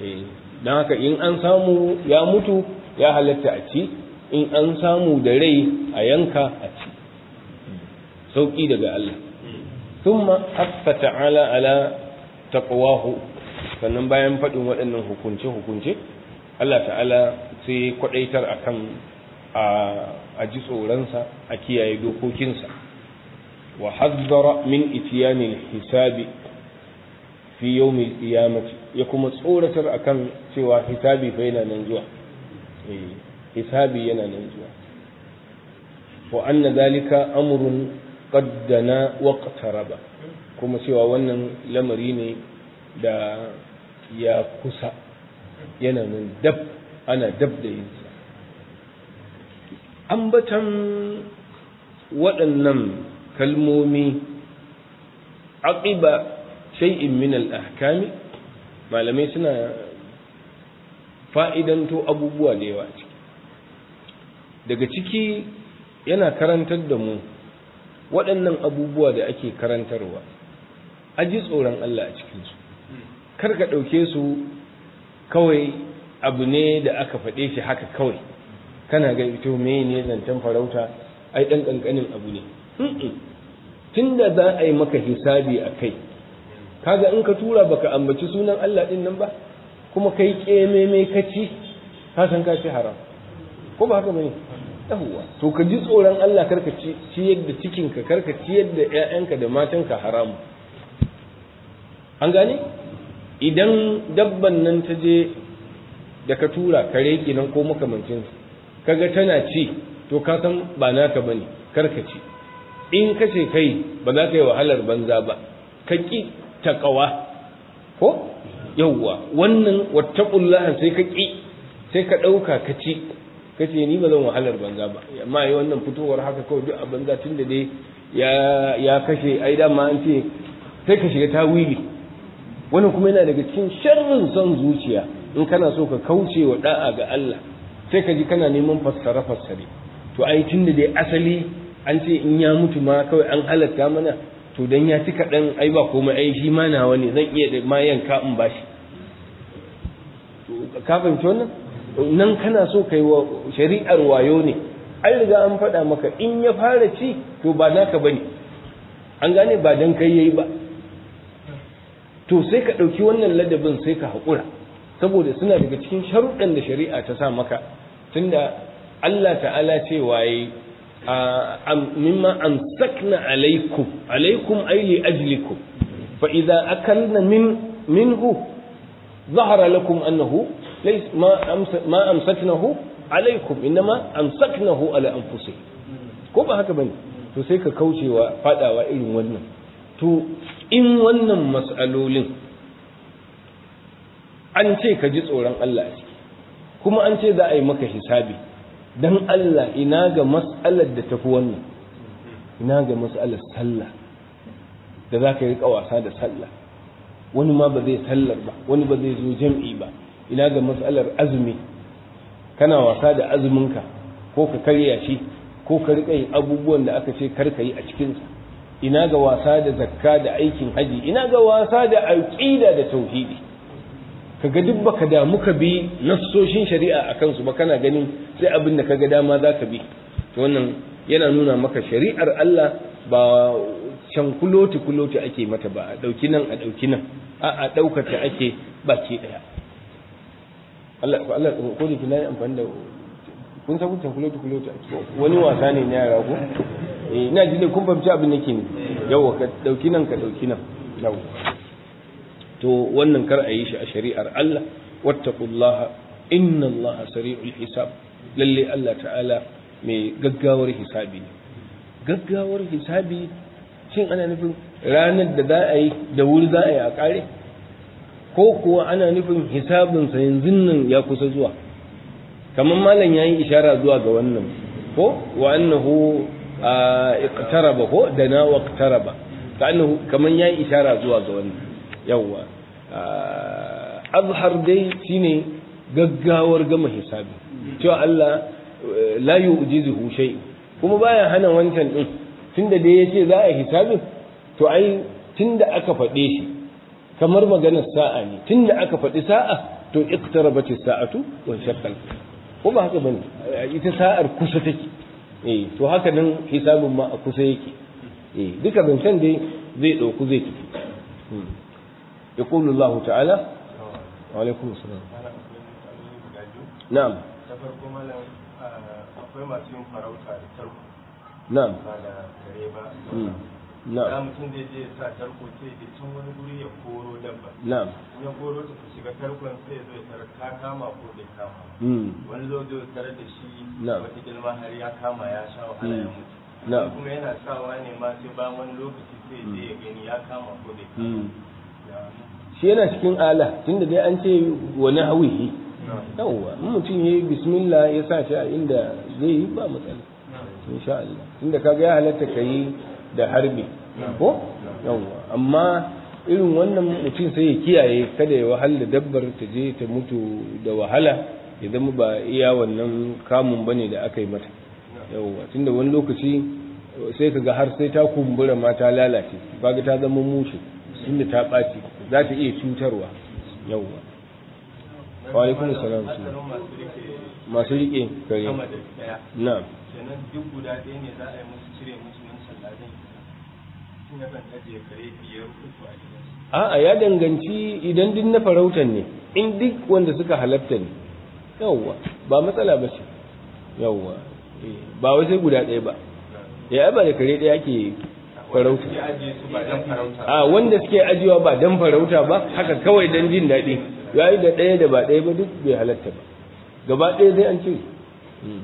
eh, don haka in an samu ya mutu ya halatta a ci in an samu da rai a yanka a ci sauƙi daga Allah ثم حث ala على sannan bayan faɗin waɗannan hukunce-hukunce Allah ta'ala sai kwaɗaitar a kan a ji tsoronsa a kiyaye dokokinsa wa hazzara min itiyanil hisabi fi yawmil qiyamati ya kuma tsoratar akan cewa hisabi fa yana nan zuwa eh, hisabi yana nan zuwa wa anna zalika amrun qaddana wa kuma cewa wannan lamari ne da ya kusa yana nan dab ana dab da yinsa ambatan waɗannan kalmomi aqiba shay'in min al-ahkami malamai suna fa'idanto abubuwa da yawa ciki daga ciki yana karantar da mu waɗannan abubuwa da ake karantarwa aji tsoron Allah a cikinsu kar ka ɗauke su kawai abu ne da aka faɗe shi haka kawai kana ga ito me ne zancen farauta ai ɗan ƙanƙanin abu ne tun da za a yi maka hisabi a kai kaga in ka tura baka ambaci sunan Allah ɗin nan ba kuma kai ƙeme mai kaci ka san ka ci haram ko ba haka bane yawwa to ka ji tsoron Allah karka ciyar da cikinka karka ciyar da 'ya'yanka da matanka haram an gane idan dabban nan ta je da ka tura kare nan ko makamancin kaga tana ci to ka san ba naka bane kar ka ci in ka ce kai ba za ka yi wahalar banza ba ka ki taqawa ko yawwa wannan wattaqullaha sai ka ki sai ka dauka ka ci kace ni ba zan wahalar banza ba amma yi wannan fitowar haka kawai duk abin banza tun da dai ya kashe ai dama an ce sai ka shiga tawili wani kuma yana daga cikin sharrin son zuciya in kana so ka kauce wa da'a ga Allah sai ka ji kana neman fassara fassare to ai tunda dai asali an ce in ya mutu ma kawai an halatta mana to dan ya ci kaɗan ai ba komai ai shi ma nawa ne zan iya da ma yanka in bashi ka fahimci wannan nan kana so kai wa shari'ar wayo ne an riga an faɗa maka in ya fara ci to ba naka bane an gane ba dan kai yayi ba to sai ka ɗauki wannan ladabin sai ka haƙura saboda suna daga cikin sharuɗan da shari'a ta sa maka tunda Allah ta'ala ce waye mimma sakna alaikum alaikum ay li ajlikum fa idza akalna min minhu zahara lakum annahu laysa ma amsaknahu alaikum inma amsaknahu ala anfusikum ko ba haka bane to sai ka kaucewa fadawa irin wannan to in wannan mas'alolin an ce ka ji tsoron Allah a ciki kuma an ce za a yi maka hisabi don Allah ina ga mas'alar da tafi wannan ina ga mas'alar sallah da za ka yi wasa da sallah wani ma ba zai sallar ba wani ba zai zo jam'i ba ina ga matsalar azumi kana wasa da azuminka ko ka karya shi ko ka riƙa yin abubuwan da aka ce kar ka yi a cikinsa ina ga wasa da zakka da aikin haji ina ga wasa da aqida da tauhidi kaga duk baka da muka bi nassoshin shari'a akan su ba kana ganin sai abin da kaga dama za ka bi to wannan yana nuna maka shari'ar Allah ba can kuloti kuloti ake mata ba a dauki nan a dauki nan a a daukata ake baki daya Allah Allah ko da kina amfani da kun san kuloti kuloti wani wasa ne na yara ko Eh, ina ji ne kun fahimci abin nake ne yawa ka dauki nan ka dauki nan yawa to wannan kar a yi shi a shari'ar Allah wattaqullaha inna Allah sari'ul hisab lalle Allah ta'ala mai gaggawar hisabi gaggawar hisabi shin ana nufin ranar da za a yi da wuri za a yi a kare ko kuwa ana nufin hisabinsa yanzu nan ya kusa zuwa kamar malam ya yi ishara zuwa ga wannan ko wa annahu iqtaraba ko da na waqtaraba ka'annahu kaman yayi ishara zuwa ga wannan yawa azhar dai shine gaggawar gama hisabi cewa Allah la yu'jizuhu shay kuma baya hana wancan din tunda dai yace za a hisabin to ai tunda aka faɗe shi kamar maganar sa'a ne tunda aka faɗi sa'a to iqtarabati saatu wa shakkal ko ba haka bane ita sa'ar kusa take eh to haka nan hisabin ma a kusa yake eh duka zancen dai zai dauku zai tafi hmm. ya kulu Allah ta'ala wa alaikum salam na'am ta farko malam ah, akwai masu yin farauta da tarko na'am ba da gare ba hmm. na mutum zai je sa tarko sai je can wani guri ya koro dabba na ya koro ta ta shiga tarkon sai zai tara ta kama ko bai kama hmm. wani zo zai tara da shi wata gilma har ya kama ya sha wahala ya hmm. mutu na kuma yana sawa ne ma sai ba wani lokaci sai je ya gani ya kama ko bai kama hmm. shi yana cikin ala tunda dai an ce wani hawihi yawwa mutum ya yi bismillah ya sa shi a inda zai yi ba matsala insha Allah tunda ga ya halatta ka yi da harbi ko yawa amma irin wannan mutum sai ya kiyaye kada ya wahala dabbar ta je ta mutu da wahala ya zama ba iya wannan kamun bane da aka yi mata yawa tunda wani lokaci sai kaga har sai ta kumbura ma ta lalace ga ta zama mushi tunda ta ɓaci za ta iya cutarwa yawa wa alaikum salam masu rike kare na duk guda ɗaya ne za a yi musu cire musu nan a'a ya danganci idan duk na farautan ne in duk wanda suka halatta ne yawwa ba matsala ba ce yawwa eh, ba wai sai guda ɗaya ba ya eh, ba da kare ɗaya ke farauta a wanda suke ajiyewa ba dan farauta ba haka kawai don jin daɗi Ya yi da ɗaya da ba ɗaya ba duk bai halatta ba gaba ɗaya sai an cire hmm.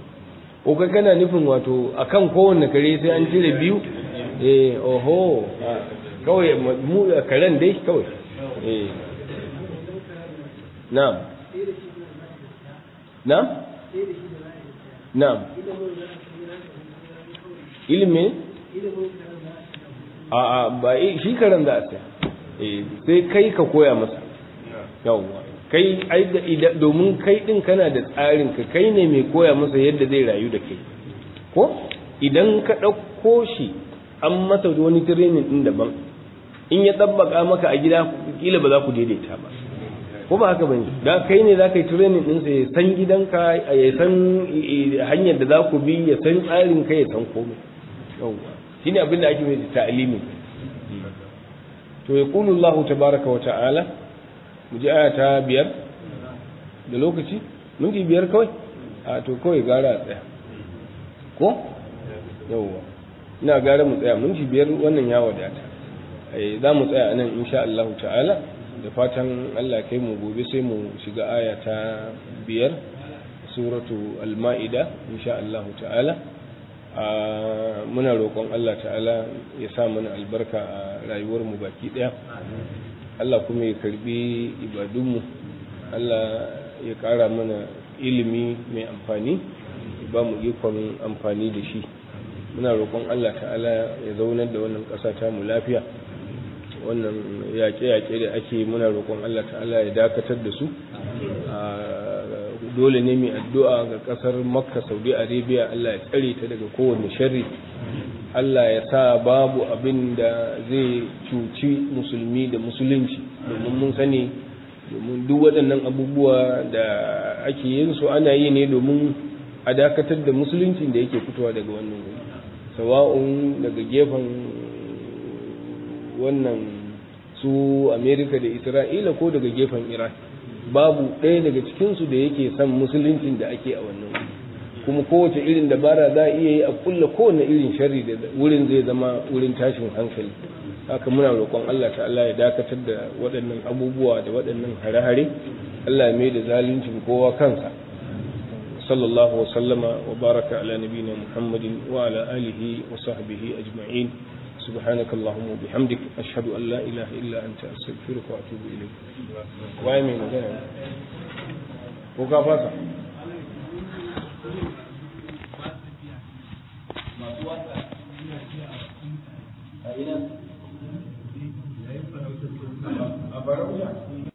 ko kai kana nufin wato akan kowanne kare sai an cire biyu eh oho kawai mu karen dai kawai eh na'am na'am na'am ilmi a a ba eh, shi karen da ake eh sai kai ka koya masa yawwa kai domin kai din kana da tsarin ka kai ne mai koya masa yadda zai rayu da kai ko idan ka ɗauko shi an masa wani training din daban in ya tabbaka maka a gida kila ba za ku daidaita ba ko ba haka bane da kai ne za ka yi training din sai san gidanka ya san eh, hanyar da za ku bi ya san tsarin ka ya san komai yawa shine abin da ake mai ta'alimi to yaqulu Allah tabaaraka wa ta'ala mu ji aya ta biyar da lokaci minti biyar kawai a to kawai gara a tsaya ko yawa ina gara mu tsaya minti biyar wannan ya wadata eh, za mu tsaya anan insha Allah ta'ala da fatan Allah kai mu gobe sai mu shiga aya ta biyar suratu al-ma'ida insha Allah ta'ala ah, muna roƙon Allah ta'ala ya sa mana albarka a rayuwar mu baki daya Allah kuma ya karbi ibadunmu Allah ya ƙara mana ilimi mai amfani ba mu ikon amfani da shi muna roƙon Allah ta'ala ya zaunar da wannan ƙasa ta mu lafiya wannan yaƙe-yaƙe da ake muna roƙon Allah ta'ala ya dakatar da su dole ne mai addu'a ga ƙasar makka saudi arabia Allah ya tsare ta daga kowane sharri Allah ya sa babu abin da zai cuci musulmi da musulunci domin mun sani domin duk waɗannan abubuwa da ake yin su ana yi ne domin a dakatar da musulunci da yake fitowa daga wannan wuri sawa'un daga gefen wannan su amerika da isra'ila ko daga gefen iran babu ɗaya daga cikinsu da yake son musuluncin da ake a wannan kuma kowace irin dabara za a iya yi a kulla kowane irin shari da wurin zai zama wurin tashin hankali haka muna roƙon Allah ta Allah ya dakatar da waɗannan abubuwa da waɗannan hare-hare Allah ya mai da zaluncin kowa kansa وصلى الله وسلم وبارك على نبينا محمد وعلى آله وصحبه أجمعين سبحانك اللهم وبحمدك أشهد أن لا إله إلا أنت أستغفرك وأتوب إليك وآمين وكافاك a ina a bara